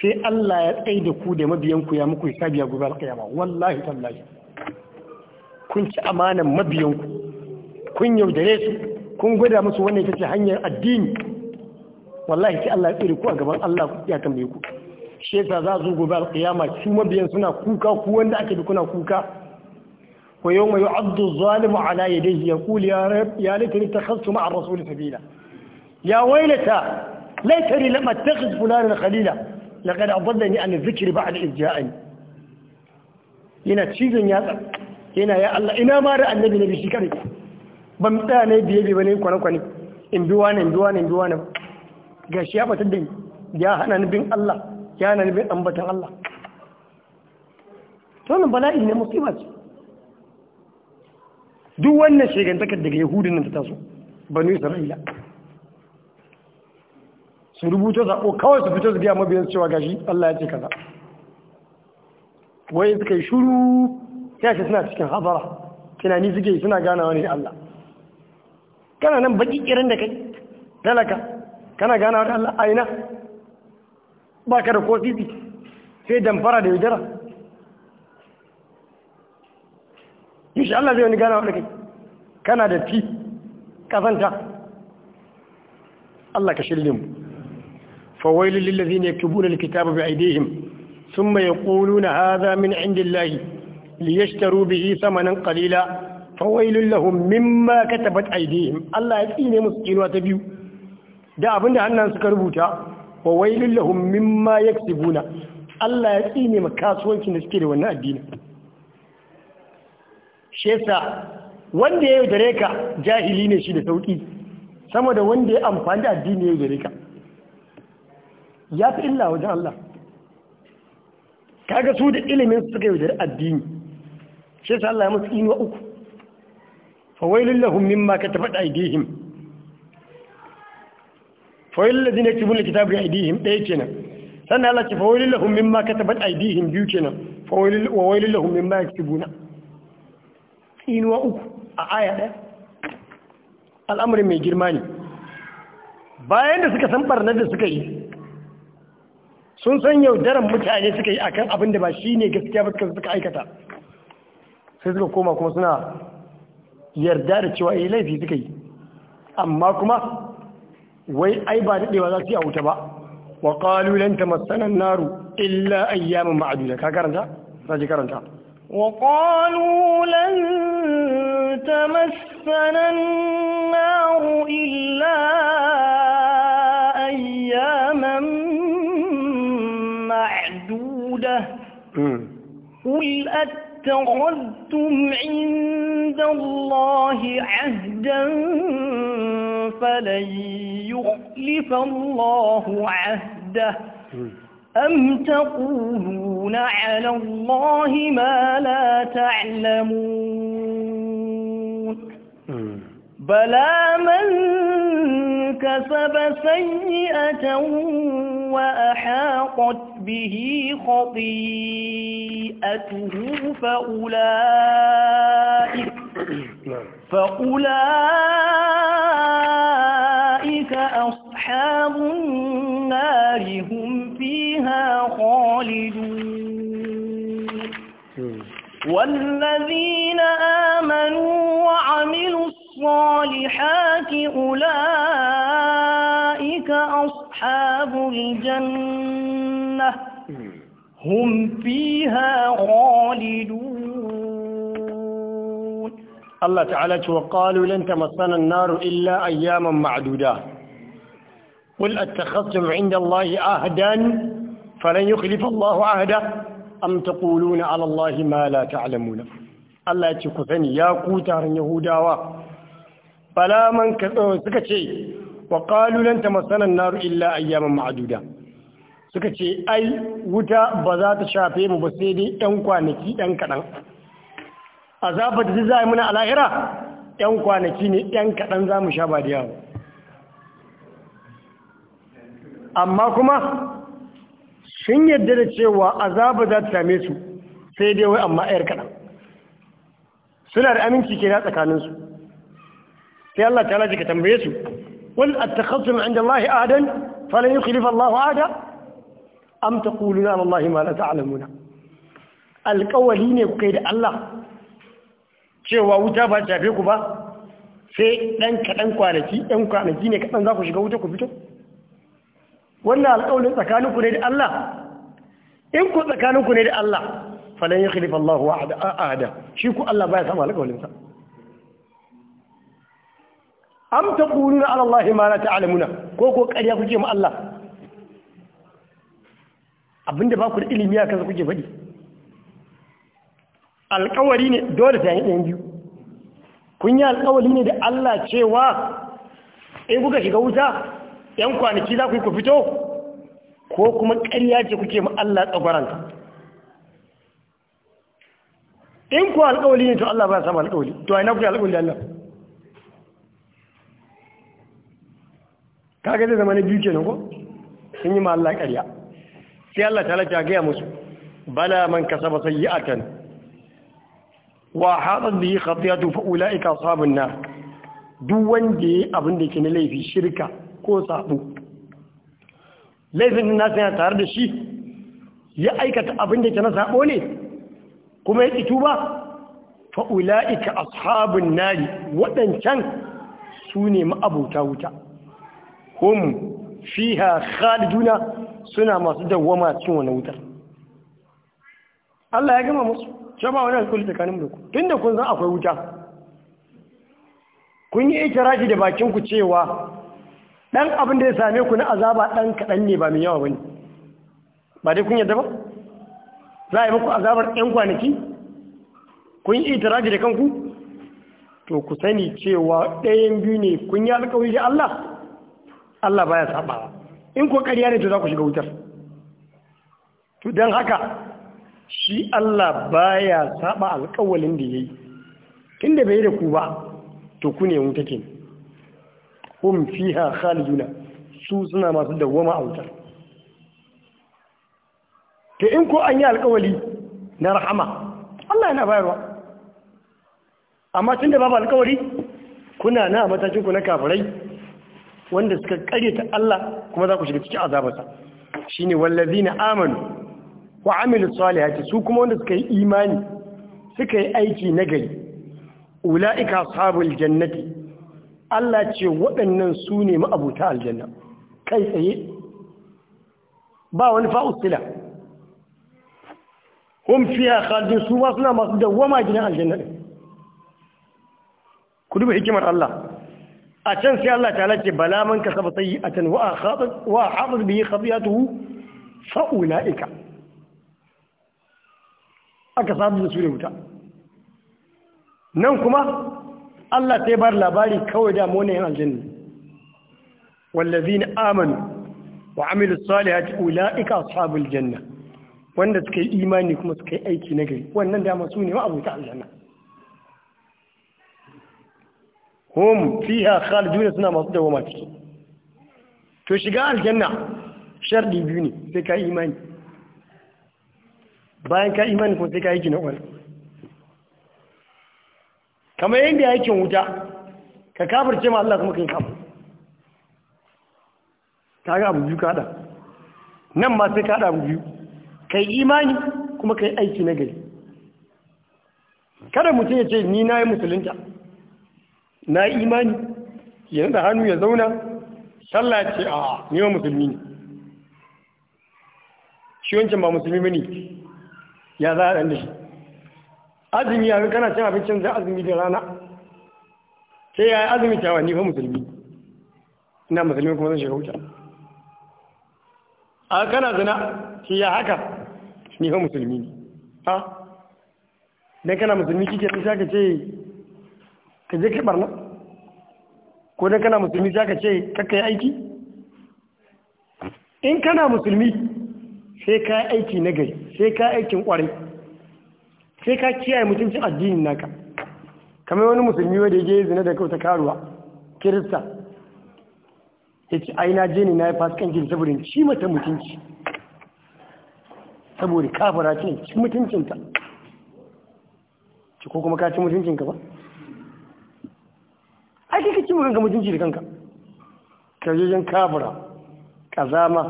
sai Allah ya tsaye da ku da mabiyan ku ya muku hisabi ya gobe alƙiyama wallahi tallahi kun ci amanan ku kun yaudare su kun gwada musu wannan ita ce hanyar addini wallahi ki Allah ya tsire ku a gaban Allah ya tambaye ku shi yasa za su gobe alqiyama su mabiyan suna kuka ku wanda ake duk kuna kuka wa yawma yu'addu zalimu ala yadayhi yaqul ya rab ya laitani takhassu ma'a rasul sabila ya waylata laitani lam attakhidh fulanan khalila laqad adallani an dhikri ba'da idh ja'ani yana cizon ya yana ya Allah ina ma da annabi nabi shi kare ban tsaya ne biye biye ne kwane kwane in bi ne, in bi wani in bi ba. ga shi ya fata da ya hana ni bin Allah ya hana ni bin ambatan Allah to bala'i ne musulma ce duk wannan shegantakar daga yahudin nan ta taso banu isra'ila su rubuta zaɓo kawai su fito su biya mabiyan cewa gashi Allah ya ce kaza wai suka yi shuru ya ce suna cikin hazara tunani suke suna ganawa ne Allah kana nan baki kirin da kai talaka kana gana da Allah aina ba ka da ko sai damfara da yujara insha Allah zai wani gana da kai kana da ti kazanta Allah ka shirye mu fawailul lil ladina yaktubuna alkitaba bi aydihim thumma yaquluna hadha min indillahi liyashtaru bihi samanin qalila fawailun lahum mimma katabat aydihim Allah ya tsine musu kinuwa ta biyu da abinda hannan suka rubuta fawailun lahum mimma yaksibuna Allah ya tsine ma kasuwancin da suke da wannan addini shi yasa wanda ya yaudare ka jahili ne shi da sauki sama da wanda ya amfani da addini ya yaudare ka ya fi illa wajen Allah kaga su da ilimin suka yaudare addini shi yasa Allah ya musu kinuwa uku fawailun lahum mimma katabat aydihim fawailun ladina yaktubuna kitaba bi aydihim ɗaya kenan sannan Allah ce fawailun lahum mimma katabat aydihim biyu kenan fawailun wawailun lahum mimma yaktubuna inuwa uku a aya ɗaya al'amarin mai girma ne bayan da suka san ɓarnar da suka yi sun san yaudaran mutane suka yi a kan abin da ba shi ne gaskiya ba suka aikata sai suka koma kuma suna yarda da cewa yi eh, laifi suka yi amma kuma wai ai ba daɗewa za su yi a wuta ba wa ƙalu lan tamassana naru illa ayyamin ma'aduda ka karanta za ji karanta wa ƙalulanta lan tamassana naru illa ayyaman ma'aduda قل hmm. اتخذتم عند الله عهدا فلن يخلف الله عهده أم تقولون على الله ما لا تعلمون بلى من كسب سيئة وأحاقت به خطيئته فأولئك نعم. فأولئك أصحاب النار هم فيها خالدون نعم. والذين هم فيها خالدون الله تعالى وقالوا لن تمسنا النار إلا أياما معدودة قل أتخذتم عند الله عهدا فلن يخلف الله عهده أم تقولون على الله ما لا تعلمون الله يتكثني يا قوتار يهودا فلا من كثير وقالوا لن تمسنا النار إلا أياما معدودة suka ce ai wuta ba za ta shafe mu ba sai dai ɗan kwanaki ɗan kaɗan azabar da za a yi muna alahira ɗan kwanaki ne ɗan kaɗan za mu sha ba da yawa amma kuma sun yadda da cewa azaba za ta same su sai dai wai amma ayar kaɗan suna da aminci ke na tsakaninsu sai Allah ta lajika tambaye su wal attakhatum inda Allah adan yi yukhlifa Allah ada am taquluna ala allahi ma la ta'lamuna alƙawari ne ku kai da Allah cewa wuta ba ta shafe ku ba sai ɗan kaɗan kwanaki ɗan kwanaki ne kaɗan za ku shiga wuta ku fito wannan alƙawarin tsakaninku ne da Allah in ku tsakaninku ne da Allah falan ya khalifa Allah wa ahada shi ku Allah baya sama alƙawarinsa am taquluna ala Allah ma la ta'lamuna ko ko ƙarya kuke ma Allah abinda ba ku da ilimi a kansa kuke faɗi alkawari ne dole ta yi ɗayan biyu kun yi alkawari ne da Allah cewa in kuka shiga wuta ‘yan kwanaki za ku yi ku fito ko kuma ƙarya ce kuke ma Allah tsagwaranta in kuwa alkawari ne to Allah ba sama alkawari to aina kuke alkawari Allah kaga zai zama na biyu kenan ko sun yi ma Allah ƙarya sai Allah ta lata gaya musu bala man kasaba sayyi'atan wa hadan bihi khatiyatu fa ulaika ashabun nar duk wanda yayi abin da yake na laifi shirka ko sabo laifin na sai tare da shi ya aikata abin da yake na sabo ne kuma ya kitu ba fa ulaika ashabun nar wadancan sune ma ma'abuta wuta hum fiha khaliduna suna masu dawwama cin wani wutar Allah ya gama musu ce ba wani alkuli tsakanin da ku tunda kun san akwai wuta kun yi ikiraji da bakin ku cewa dan abin da ya same ku na azaba ɗan kaɗan ne ba mai yawa bane ba dai kun yadda ba za a yi maku azabar ɗan kwanaki kun yi itiraji da kanku to ku sani cewa ɗayan biyu ne kun yi alkawari da Allah Allah baya sabawa in ko ƙarya ne to za ku shiga wutar to don haka shi Allah baya saba alƙawalin da ya yayi inda bai da ku ba to ku ne wuta ke fi ha khaliduna su suna masu dawwama a wutar to in ko an yi alƙawali na rahama Allah yana bayarwa amma tun tunda babu alƙawari kuna na matakin ku na kafirai wanda suka karyata Allah kuma za ku shiga cikin azabarsa shine wallazina amanu wa amilus salihati su kuma wanda suka yi imani suka yi aiki nagari ulaika ashabul jannati Allah ce waɗannan su ne ma'abuta aljanna kai tsaye ba wani fa'usila Hun fiya khalidun su ma suna masu dawwama gidan aljanna ku duba hikimar Allah a can sai Allah ta ce bala man kasaba sayyi'atan wa khatat wa hafiz bihi khafiyatuhu fa ulaika aka sabu da su wuta nan kuma Allah sai bar labari kawai da mu ne yan aljanna wallazina amanu wa amilus salihati ulaika ashabul janna wanda suka yi imani kuma suka yi aiki nagari wannan dama su ne wa abuta aljanna hum fiha khalidun suna masu dawama ciki to shiga aljanna shardi biyu ne sai ka imani bayan ka imani ko sai ka yi gina wani kamar yadda aikin wuta ka kafirce ma Allah kuma kai kafu ta ga abu biyu kada nan ma sai kada abu biyu kai imani kuma kai aiki na gari kada mutum ya ce ni na yi musulunta na imani ya da hannu ya zauna sallah ce a neman musulmi ne shi wancan ba musulmi ba ne ya za a ɗan da shi azumi ya kana cin abincin zai azumi da rana sai ya yi azumi cewa ni musulmi ina musulmi kuma zan shiga wuta a kana zina shi ya haka ni musulmi ne ha don kana musulmi kike sai shaka ce ka je kai barna ko dan kana musulmi za ka ce kakkai aiki in kana musulmi sai ka yi aiki na gari sai ka yi aikin kwarai sai ka kiyaye mutuncin addinin naka kamar wani musulmi wanda ya je zina da kauta karuwa kirista ya ce ai na je ne na yi fasikanci saboda ci mata mutunci saboda kafara ce ci mutuncinta ko kuma ka ci mutuncinka ba ai kai kace kanka mutunci da kanka kajejen kabura kazama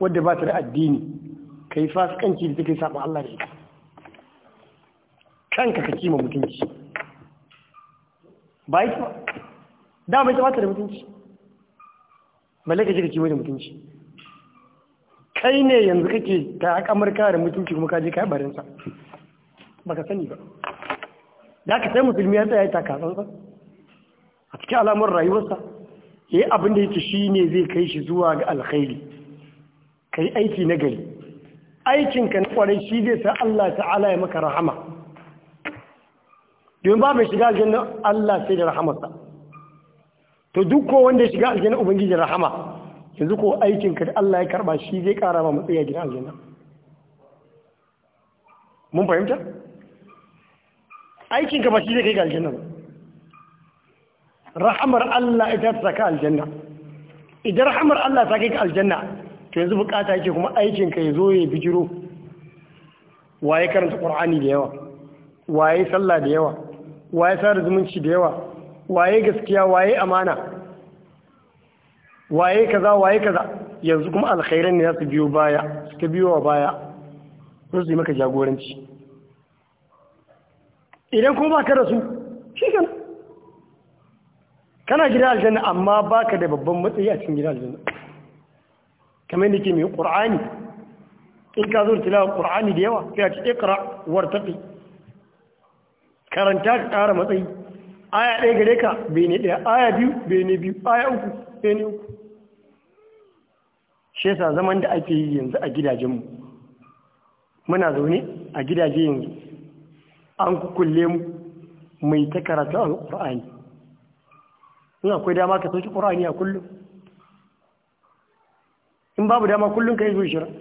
wadda ba ta da addini kai fasikanci da take saba Allah da ita kanka ka kima mutunci ba yi ba mai ta da mutunci balle ka je ka kima da mutunci kai ne yanzu kake ta amurka da mutunci kuma kaje ka barinsa ba ka sani ba da ka sai musulmi ya tsaya ta kasansa a cikin alamar rayuwarsa ya yi abin da yake shi ne zai kai shi zuwa ga alkhairi ka yi aiki na gari aikinka na kwarai shi zai sa Allah ta'ala ya maka rahama domin ba mai shiga aljanna Allah sai da rahamarsa to duk ko wanda ya shiga aljanna ubangiji rahama yanzu ko aikinka da Allah ya karba shi zai kara ma matsayi a gidan aljanna mun fahimta aikinka ba shi zai kai ga aljanna ba rahamar Allah ita ta saka aljanna idan rahamar Allah ta kai ka aljanna to yanzu bukata yake kuma aikin ka yazo ya bijiro waye karanta qur'ani da yawa waye sallah da yawa waye sar zumunci da yawa waye gaskiya waye amana waye kaza waye kaza yanzu kuma alkhairan ne za su biyo baya suka biyo wa baya za su yi maka jagoranci idan ko ba ka rasu shi kenan kana gidan aljanna amma baka da babban matsayi a cikin gidan aljanna kamar yadda ke mai ƙur'ani? in ka zo tilawa ƙur'ani da yawa sai a ce ikra tafi karanta ka ƙara matsayi aya ɗaya gare ka bai ne ɗaya aya biyu bai ne biyu aya uku bai ne uku shi yasa zaman da ake yi yanzu a gidajenmu muna zaune a gidaje yanzu an kukulle mu mai ta karatu a alƙur'ani in akwai dama ka sauki ƙorani a kullum in babu dama kullum ka yi zuwa shirin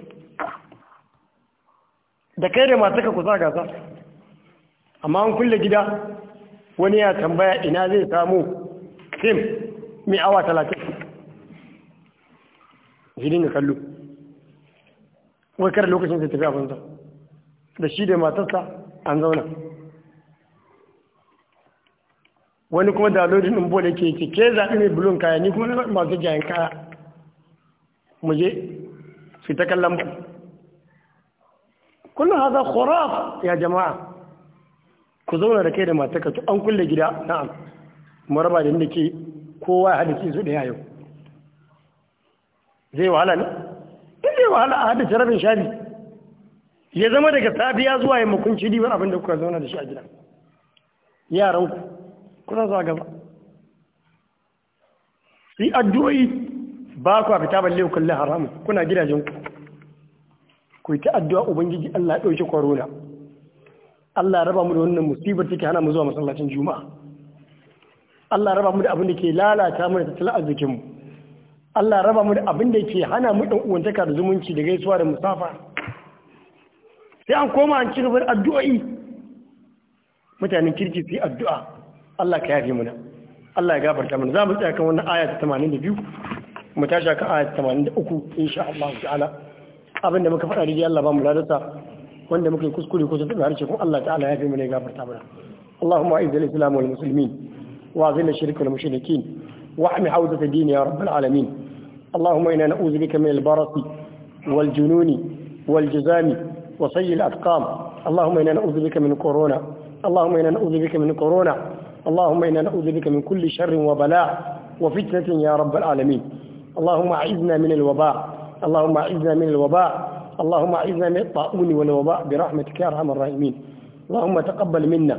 da kai da masu ka kusa gasa amma an kulle gida wani ya tambaya ina zai samu kim mai awa talatin jirin ga kallo wakar lokacin zai tafi abinsa da shi da matarsa an zauna wani kuma da lori numbo da ke ce ke zaɓi mai bulon kaya ni kuma masu jayen kaya mu je su ta kallon ku kullum haza khuraf ya jama'a ku zauna da kai da mataka to an kulle gida na'am mu da ke kowa ya hadisi su ɗaya yau zai wahala ne in zai wahala a hadisi rabin shari ya zama daga safiya zuwa yamma kun ci ribar abin da kuka zauna da shi a gida yaranku kuna a gaba yi addu'o'i ba ku a fita balle kulle haramun kuna gidajen ku ku yi ta addu'a ubangiji Allah ya ɗauki korona. Allah raba mu da wannan musibar take hana mu zuwa masallacin juma'a Allah raba mu da abin da ke lalata mu da tattalin arzikin mu Allah raba mu da abin da ke hana mu ɗan uwantaka da zumunci da gaisuwa da musafa sai an koma an ci gaban addu'o'i mutanen kirki su addu'a Allah ka yafe muna Allah ya gafarta mana za mu tsaya kan wannan aya ta 82 mu tashi kan aya ta 83 insha Allah ta'ala abin da muka faɗa da Allah ba mu ladarsa wanda muka yi kuskure ko tun harshe kuma Allah ta'ala ya yafe muna ya gafarta mana اللهم أعز الإسلام والمسلمين وأذل الشرك والمشركين واحم حوزة الدين يا رب العالمين اللهم إنا نعوذ بك من البرص والجنون والجزام وسيء الأسقام اللهم إنا نعوذ بك من كورونا اللهم إنا نعوذ بك من كورونا اللهم إنا نعوذ بك من كل شر وبلاء وفتنة يا رب العالمين اللهم أعذنا من الوباء اللهم أعذنا من الوباء اللهم أعذنا من الطاعون والوباء برحمتك يا أرحم الراحمين اللهم تقبل منا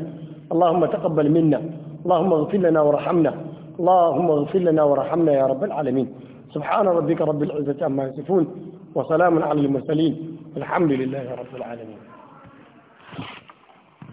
اللهم تقبل منا اللهم اغفر لنا وارحمنا اللهم اغفر لنا وارحمنا يا رب العالمين سبحان ربك رب العزة عما يصفون وسلام على المرسلين الحمد لله رب العالمين